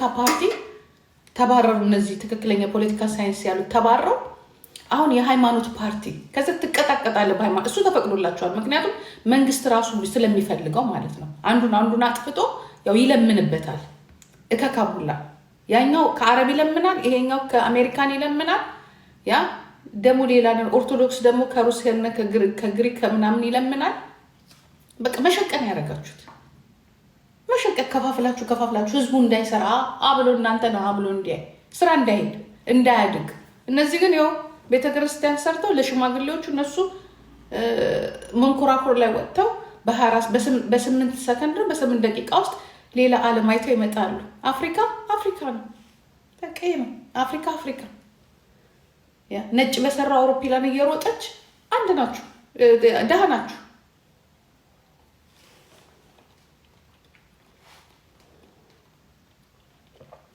ከፖለቲካ ፓርቲ ተባረሩ። እነዚህ ትክክለኛ የፖለቲካ ሳይንስ ያሉት ተባረው አሁን የሃይማኖት ፓርቲ ከዚ ትቀጣቀጣለ በሃይማኖት እሱ ተፈቅዶላቸዋል። ምክንያቱም መንግስት ራሱ ስለሚፈልገው ማለት ነው። አንዱን አንዱን አጥፍቶ ያው ይለምንበታል። እከካቡላ ያኛው ከአረብ ይለምናል፣ ይሄኛው ከአሜሪካን ይለምናል። ያ ደግሞ ሌላ ኦርቶዶክስ ደግሞ ከሩሲያና ከግሪክ ከምናምን ይለምናል። በቃ መሸቀን ያደረጋችሁት በሸቀጥ ከፋፍላችሁ ከፋፍላችሁ ህዝቡ እንዳይሰራ አብሎ እናንተ ነው አብሎ እንዲያይ ስራ እንዳይሄድ እንዳያድግ። እነዚህ ግን ያው ቤተክርስቲያን ሰርተው ለሽማግሌዎቹ እነሱ መንኮራኩር ላይ ወጥተው በስምንት ሰከንድ በስምንት ደቂቃ ውስጥ ሌላ ዓለም አይተው ይመጣሉ። አፍሪካ አፍሪካ ነው፣ በቃ ነው አፍሪካ አፍሪካ። ነጭ በሰራ አውሮፕላን እየሮጠች አንድ ናችሁ፣ ደሃ ናችሁ።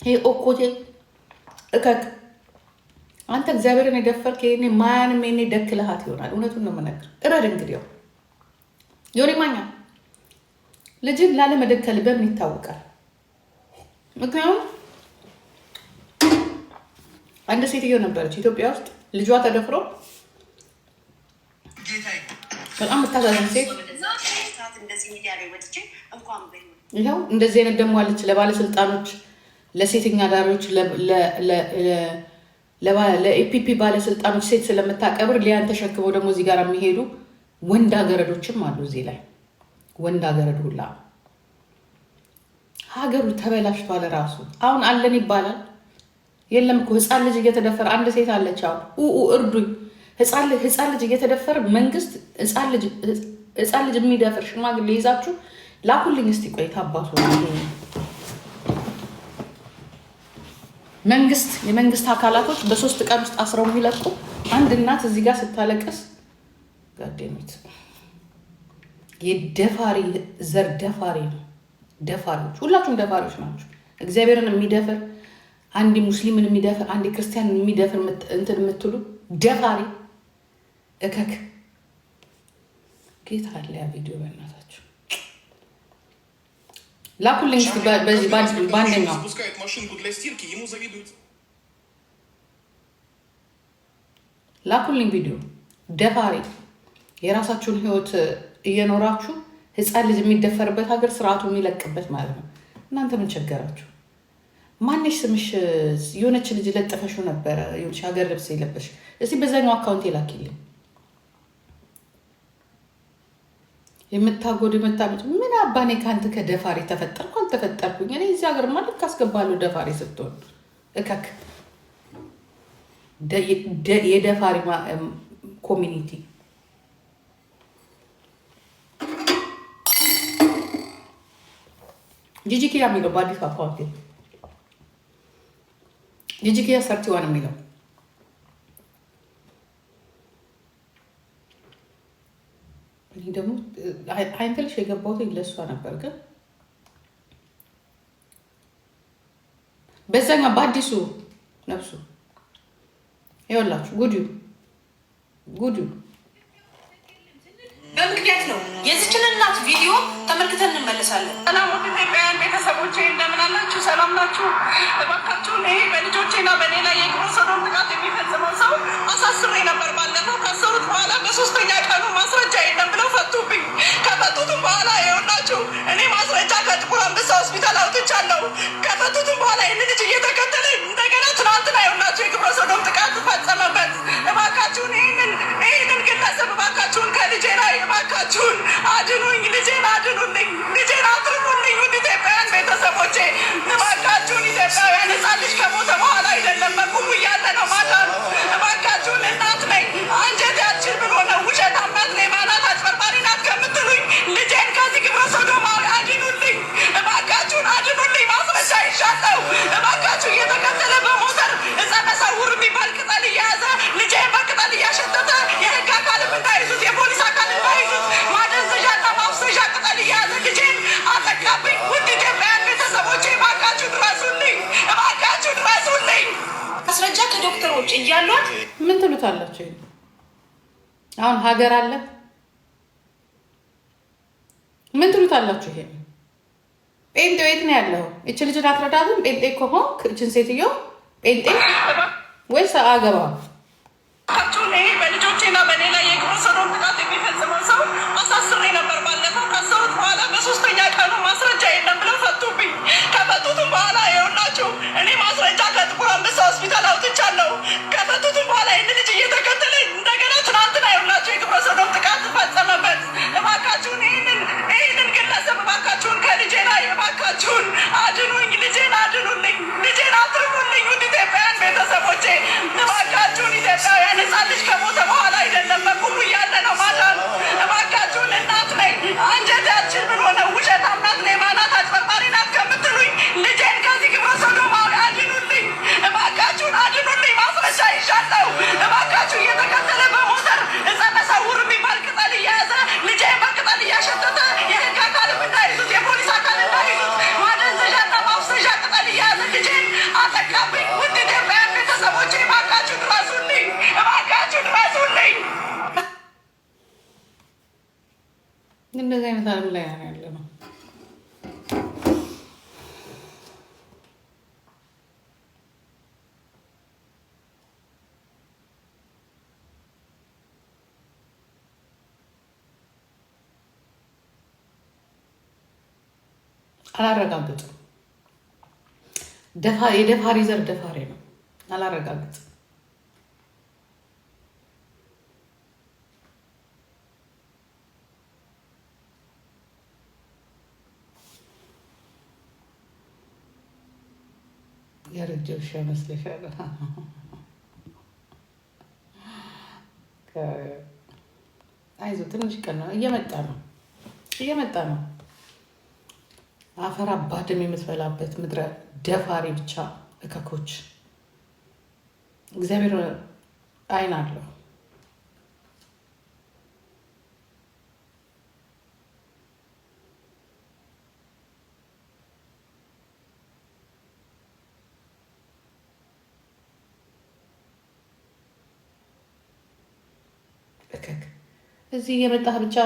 ይሄ ኦኮቴ እከክ አንተ እግዚአብሔርን የደፈርክ ይሄኔ ማያንም ይሄኔ ደክልሃት ይሆናል። እውነቱን ነው የምነግርህ። እረድ እንግዲያው ዮኒ ማኛ ልጅን ላለመደከል በምን ይታወቃል? ምክንያቱም አንድ ሴትዮ ነበረች ኢትዮጵያ ውስጥ ልጇ ተደፍሮ በጣም የምታሳዝን ሴት ይኸው እንደዚህ አይነት ደግሞ አለች ለባለስልጣኖች ለሴተኛ አዳሪዎች ለኢፒፒ ባለስልጣኖች ሴት ስለምታቀብር ሊያን ተሸክመው ደግሞ እዚህ ጋር የሚሄዱ ወንድ አገረዶችም አሉ። እዚህ ላይ ወንድ አገረድ ሁላ ሀገሩ ተበላሽቷል። ራሱ አሁን አለን ይባላል የለም እኮ ህፃን ልጅ እየተደፈረ አንድ ሴት አለች። አሁን እርዱኝ፣ ህፃን ልጅ እየተደፈረ መንግስት ህፃን ልጅ የሚደፍር ሽማግሌ ይዛችሁ ላኩልኝ እስቲ ቆይታ አባቱ መንግስት የመንግስት አካላቶች በሶስት ቀን ውስጥ አስረው የሚለቁ አንድ እናት እዚህ ጋር ስታለቅስ ጋዴሚት የደፋሪ ዘር ደፋሪ ነው። ደፋሪዎች ሁላችሁም ደፋሪዎች ናቸው። እግዚአብሔርን የሚደፍር አንድ ሙስሊምን የሚደፍር አንድ ክርስቲያንን የሚደፍር እንትን የምትሉ ደፋሪ እከክ ጌታ አለ ቪዲዮ በእናታቸው ላኩልኝ እስኪ በአንደኛው ላኩልኝ ቪዲዮ ደፋሪ የራሳችሁን ህይወት እየኖራችሁ ህፃን ልጅ የሚደፈርበት ሀገር ስርዓቱ የሚለቅበት ማለት ነው። እናንተ ምን ቸገራችሁ? ማንሽ ስምሽ የሆነች ልጅ ለጥፈሽው ነበረ የሆነች ሀገር ልብስ የለበሽ። እስኪ በዛኛው አካውንት የላክልኝ የምታጎድ የምታመጭ ምን አባኔ ከአንተ ከደፋሪ ተፈጠርኩ አልተፈጠርኩኝ። እኔ እዚህ ሀገር ማ ካስገባሉ ደፋሪ ስትሆን እከክ የደፋሪ ኮሚኒቲ ጂጂኪያ የሚለው በአዲስ አካውንቴ ጂጂኪያ ሰርቲዋን የሚለው እኔ ደግሞ አይንፈልሽ የገባሁት ለእሷ ነበር ግን በዛኛ በአዲሱ ነብሱ ይወላችሁ ጉዱ ጉዱ በምክንያት ነው። የዚችን እናት ቪዲዮ ተመልክተን እንመለሳለን። ሰላም ውድ ኢትዮጵያውያን ቤተሰቦች እንደምን አላችሁ? ሰላም ናችሁ? እባካችሁን ይሄ በልጆቼና በሌላ የግብረ ሰዶም ጥቃት የሚፈጽም ከፈቱትም በኋላ የሆናችሁ እኔ ማስረጃ ከጥቁር አንበሳ ሆስፒታል አውጥቻለሁ። ከፈቱትም በኋላ ይህን ልጅ እየተከተለ እንደገና ትናንትና የሆናችሁ የግብረ ሰዶም ጥቃት ፈጸመበት። እባካችሁን ይህንን ይህንን ግለሰብ እባካችሁን ከልጄ ላይ እውቀት አላቸው። አሁን ሀገር አለ ምን ትሉት አላችሁ? ይሄ ጴንጤ የት ነው ያለው? እች ልጅን አትረዳትም? ጴንጤ ከሆንክ እችን ሴትዮ ጴንጤ ወይስ አገባ በልጆቼና በኔ ላይ የግሮሰሮን ጥቃት የሚፈጽመው ሰው አሳስሬ ነበር። ባለፈው ከሰውት በኋላ በሶስተኛ ቀኑ ማስረጃ የለም ብለው ፈቱብኝ። ከፈቱትም በኋላ ይኸውላችሁ እኔ ማስረጃ ከጥቁር አንበሳ ሆስፒታል አውጥቻለሁ። ከፈቱትም በኋላ ይህን ልጅ እባካችሁን ይህንን ይህንን ግለሰብ እባካችሁን ከልጄ ላይ እባካችሁን አድኑኝ፣ ልጄን አድኑልኝ፣ ልጄን አትርፉልኝ። ውድ ኢትዮጵያውያን ቤተሰቦቼ እባካችሁን ኢትዮጵያውያን ህፃን ልጅ ከሞተ በኋላ አይደለም እንደዚህ አይነት አለም ላይ ነው ያለ ነው። አላረጋግጥም። የደፋሪ ዘር ደፋሪ ነው። አላረጋግጥም። ያጀብሽ ይመስልሻል? አይዞ ትንሽ ቀን ነው፣ እየመጣ ነው፣ እየመጣ ነው። አፈር አባድም የምትበላበት ምድረ ደፋሪ ብቻ እከኮች እግዚአብሔር አይን አለው። ተንበርከክ እዚህ የመጣህ ብቻ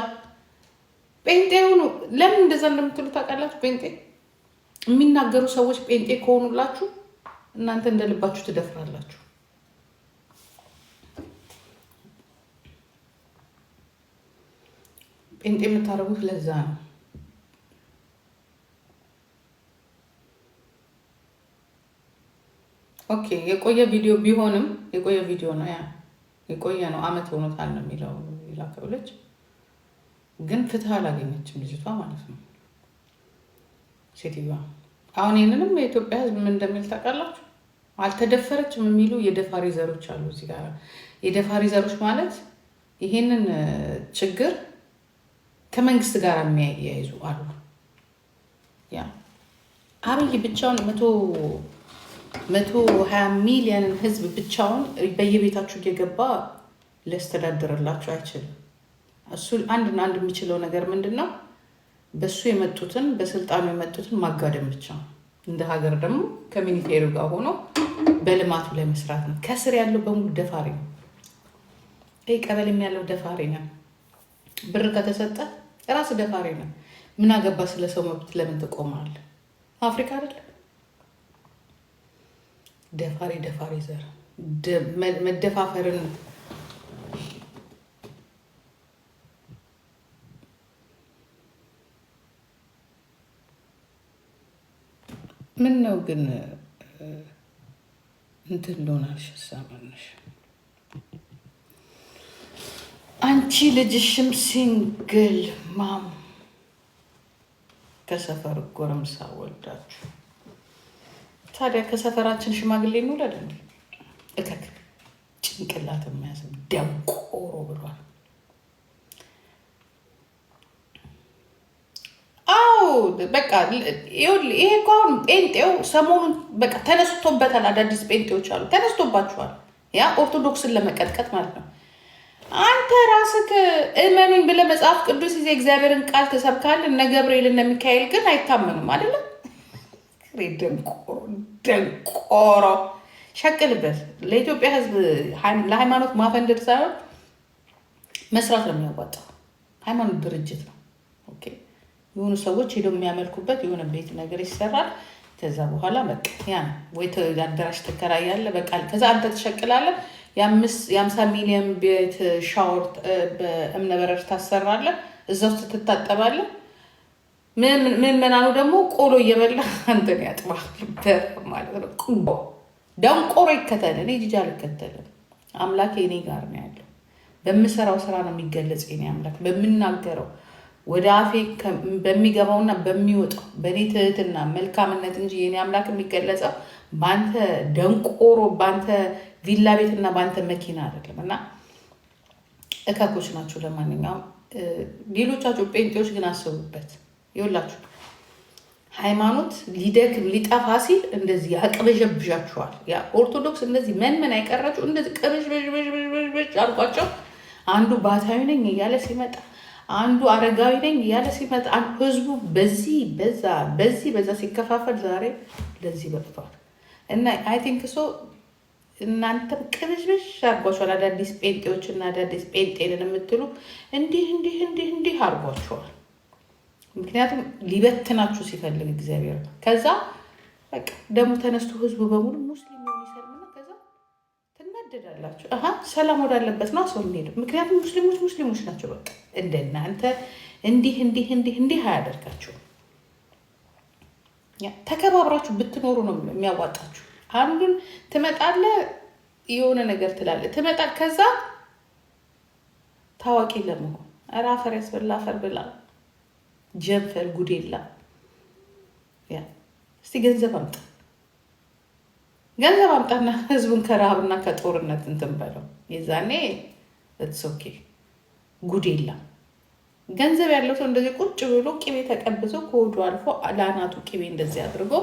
ጴንጤ ሆኑ። ለምን እንደዛ እንደምትሉ ታውቃላችሁ? ጴንጤ የሚናገሩ ሰዎች ጴንጤ ከሆኑላችሁ እናንተ እንደልባችሁ ትደፍራላችሁ። ጴንጤ የምታደርጉት ለዛ ነው። ኦኬ የቆየ ቪዲዮ ቢሆንም የቆየ ቪዲዮ ነው ያ የቆየ ነው። አመት ሆኖታል ነው የሚለው የላከው ልጅ። ግን ፍትህ አላገኘችም ልጅቷ ማለት ነው ሴትዮዋ። አሁን ይህንንም የኢትዮጵያ ህዝብ ምን እንደሚል ታውቃላችሁ? አልተደፈረችም የሚሉ የደፋሪ ዘሮች አሉ እዚህ ጋር። የደፋሪ ዘሮች ማለት ይህንን ችግር ከመንግስት ጋር የሚያያይዙ አሉ። ያ አብይ ብቻውን መቶ መቶ ሀያ ሚሊየንን ህዝብ ብቻውን በየቤታችሁ እየገባ ሊያስተዳድርላችሁ አይችልም። እሱ አንድና አንድ የሚችለው ነገር ምንድን ነው? በእሱ የመጡትን በስልጣኑ የመጡትን ማጋደም ብቻ ነው። እንደ ሀገር ደግሞ ከሚኒቴሪ ጋር ሆኖ በልማቱ ላይ መስራት ነው። ከስር ያለው በሙሉ ደፋሪ ነው። ይህ ቀበሌም ያለው ደፋሪ ነው። ብር ከተሰጠ ራስ ደፋሪ ነው። ምን አገባ ስለ ሰው መብት ለምን ትቆማለህ? አፍሪካ አይደለም ደፋሪ ደፋሪ ዘር መደፋፈርን ምን ነው ግን እንትን ልሆን አልሽሳ ማነሽ አንቺ ልጅሽም ሲንግል ማም ከሰፈር ጎረምሳ ወልዳችሁ ታዲያ ከሰፈራችን ሽማግሌ እንውለድ እንዴ? እከክ ጭንቅላት የማያስብ ደንቆሮ ብሏል። አዎ በቃ ይሄ እኮ አሁን ጴንጤው ሰሞኑን በቃ ተነስቶበታል። አዳዲስ ጴንጤዎች አሉ፣ ተነስቶባቸዋል ያ ኦርቶዶክስን ለመቀጥቀጥ ማለት ነው። አንተ ራስህ እመኑኝ ብለህ መጽሐፍ ቅዱስ ይዘህ እግዚአብሔርን ቃል ትሰብካለህ። እነ ገብርኤል እነ ሚካኤል ግን አይታመኑም አይደለም። ደንቆሮ ደንቆሮ ሸቅልበት። ለኢትዮጵያ ሕዝብ ለሃይማኖት ማፈንደድ ሳይሆን መስራት ነው የሚያዋጣው። ሃይማኖት ድርጅት ነው። የሆኑ ሰዎች ሄደው የሚያመልኩበት የሆነ ቤት ነገር ይሰራል። ከዛ በኋላ በቃ ያ ወይ አዳራሽ ትከራያለህ። በቃ ከዛ አንተ ትሸቅላለህ። የአምሳ ሚሊዮን ቤት ሻወር በእብነ በረድ ታሰራለህ። እዛ ውስጥ ትታጠባለህ። ምን ምእመናኑ ደግሞ ቆሎ እየበላ አንተን ያጥባ ማለት ነው። ቆሎ ደንቆሮ ይከተል። እኔ ጅጅ አልከተልም። አምላክ እኔ ጋር ነው ያለው። በምሰራው ስራ ነው የሚገለጽ የኔ አምላክ፣ በምናገረው ወደ አፌ በሚገባውና በሚወጣው በእኔ ትህትና መልካምነት እንጂ የኔ አምላክ የሚገለጸው በአንተ ደንቆሮ፣ በአንተ ቪላ ቤትና በአንተ መኪና አይደለም። እና እከኮች ናቸው። ለማንኛውም ሌሎቻቸው ጴንጤዎች ግን አስቡበት። ይወላችሁ ሃይማኖት ሊደክም ሊጠፋ ሲል እንደዚህ ያቅበዠብዣችኋል። ኦርቶዶክስ እንደዚህ ምን አይቀራችሁ እንደዚህ ቅብዥብዥብዥብዥ አልኳቸው። አንዱ ባታዊ ነኝ እያለ ሲመጣ፣ አንዱ አረጋዊ ነኝ እያለ ሲመጣ፣ ህዝቡ በዚህ በዛ በዚህ በዛ ሲከፋፈል ዛሬ ለዚህ በቅቷል። እና አይ ቲንክ ሶ እናንተም ቅብዥብዥ አድርጓችኋል። አዳዲስ ጴንጤዎችና አዳዲስ ጴንጤንን የምትሉ እንዲህ እንዲህ እንዲህ እንዲህ አድርጓችኋል። ምክንያቱም ሊበትናችሁ ሲፈልግ እግዚአብሔር ነው። ከዛ በቃ ደግሞ ተነስቶ ህዝቡ በሙሉ ሙስሊም ሆን ከዛ ትናደዳላችሁ። ሰላም ወዳለበት ነው ሰው ሄዱ። ምክንያቱም ሙስሊሞች ሙስሊሞች ናቸው። በቃ እንደናንተ እንዲህ እንዲህ እንዲህ እንዲህ አያደርጋችሁም። ተከባብራችሁ ብትኖሩ ነው የሚያዋጣችሁ። አንዱን ትመጣለ የሆነ ነገር ትላለ ትመጣል። ከዛ ታዋቂ ለመሆን ራፈር አፈር ያስበላ አፈር ብላ ጀንፈል ጉድ የለም። እስቲ ገንዘብ አምጣ ገንዘብ አምጣና ህዝቡን ከረሃብና ከጦርነት እንትን በለው። የዛኔ ኦኬ ጉድ የለም። ገንዘብ ያለው ሰው እንደዚህ ቁጭ ብሎ ቅቤ ተቀብዞ ከወዱ አልፎ ለአናቱ ቅቤ እንደዚህ አድርጎ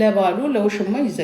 ለባሉ ለውሽማ ይዘ